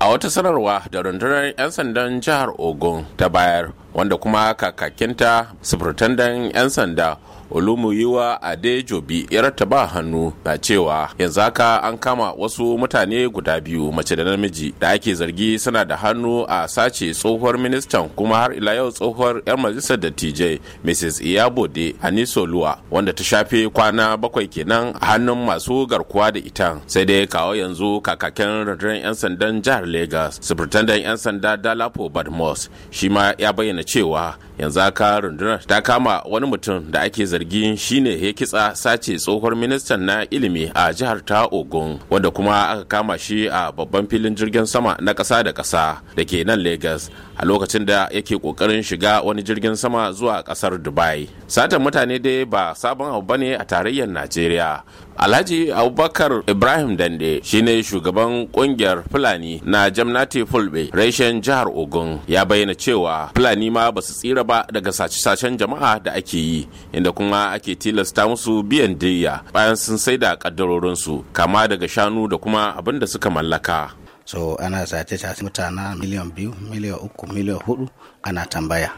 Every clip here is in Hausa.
a wata sanarwa da rundunar 'yan sandan jihar ogun ta bayar wanda kuma kakakinta sufurtandan 'yan sanda olumuyiwa adejobi ya ba hannu na cewa yanzu haka an kama wasu mutane guda biyu mace da namiji da ake zargi suna da hannu a sace tsohuwar ministan kuma har ila yau tsohuwar 'yar majalisar dattijai mrs iyabode anisoluwa wanda ta shafe kwana bakwai kenan a hannun masu garkuwa da ita sai dai kawo yanzu kakakin rundunar 'yan sandan jihar lagos sufurtandan 'yan sanda dalapo badmos shi ma ya bayyana 切啊，yanzu haka rundunar ta kama wani mutum da ake zargin shine ya kitsa sace tsohuwar ministan na ilimi a jihar ta ogun wanda kuma aka kama shi a babban filin jirgin sama na ƙasa da ƙasa da ke nan lagos a lokacin da yake kokarin shiga wani jirgin sama zuwa ƙasar dubai satan mutane dai ba sabon abu bane a tarayyar najeriya alhaji abubakar ibrahim dande shine shugaban kungiyar fulani na jamnati fulbe reshen jihar ogun ya bayyana cewa fulani ma basu tsira ba daga sace-sacen jama'a da ake yi inda kuma ake tilasta musu biyan diya bayan sun saida su kama daga shanu da kuma abin da suka mallaka so ana sace-sace mutana miliyan biyu miliyan uku miliyan hudu ana tambaya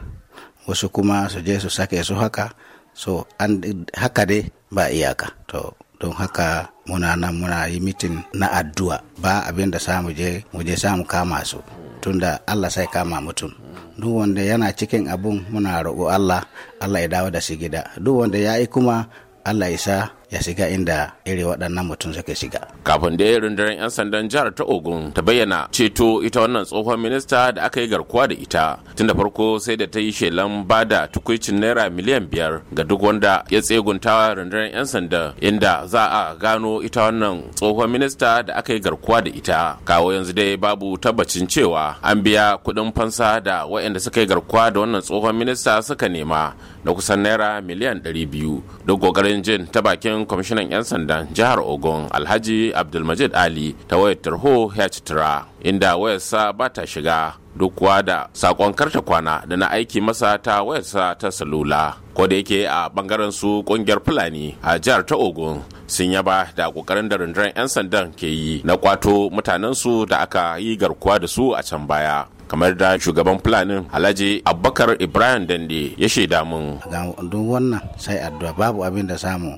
wasu kuma su je su sake su haka so an haka dai ba iyaka to don haka muna nan muna yi mitin na addu'a ba abin da samu je mu je samu kama su tunda Allah sai kama mutum duk wanda yana cikin abun muna roƙo Allah Allah ya dawo da shi gida duk wanda ya yi kuma Allah ya sa ya shiga inda iri waɗannan mutum suka shiga. Kafin da ya rundunar 'yan sandan jihar ta Ogun ta bayyana ceto ita wannan tsohon minista da aka yi garkuwa da ita tun da farko sai da ta yi shelan ba da tukuicin naira miliyan biyar ga duk wanda ya tsegunta rundunar 'yan sanda inda za a gano ita wannan tsohon minista da aka yi garkuwa da ita. Kawo yanzu dai babu tabbacin cewa an biya kuɗin fansa da waɗanda suka yi garkuwa da wannan tsohon minista suka nema na kusan naira miliyan ɗari biyu duk ƙoƙarin jin ta bakin kwamishinan 'yan sandan jihar ogun alhaji abdulmajid ali ta wayar tarho ya citira inda wayarsa ba ta shiga duk kuwa da sakon karta kwana da na aiki masa ta wayarsa ta salula ko da yake a bangaren su kungiyar fulani a jihar ta ogun sun yaba da kokarin da rundunar 'yan sandan ke yi na kwato mutanen su da aka yi garkuwa da su a can baya kamar da shugaban fulanin alhaji abubakar ibrahim dande ya shaida mun ga wannan sai addu'a babu abin da samu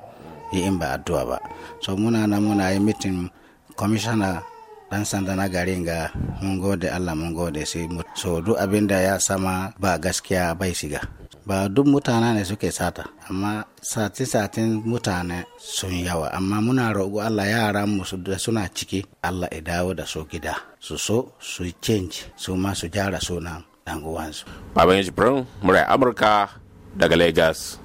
yi in ba addu'a ba so muna nan muna yi mitin kwamishana dan sanda na garin ga mun gode allah mun gode sai so duk abin da ya sama ba gaskiya bai shiga ba duk mutane ne suke sata amma sati-satin mutane sun yawa amma muna roƙo allah yara mu da suna ciki allah ya dawo da su gida su so su change su ma su jara sunan dan uwansu baban yaji brown murai amurka daga lagos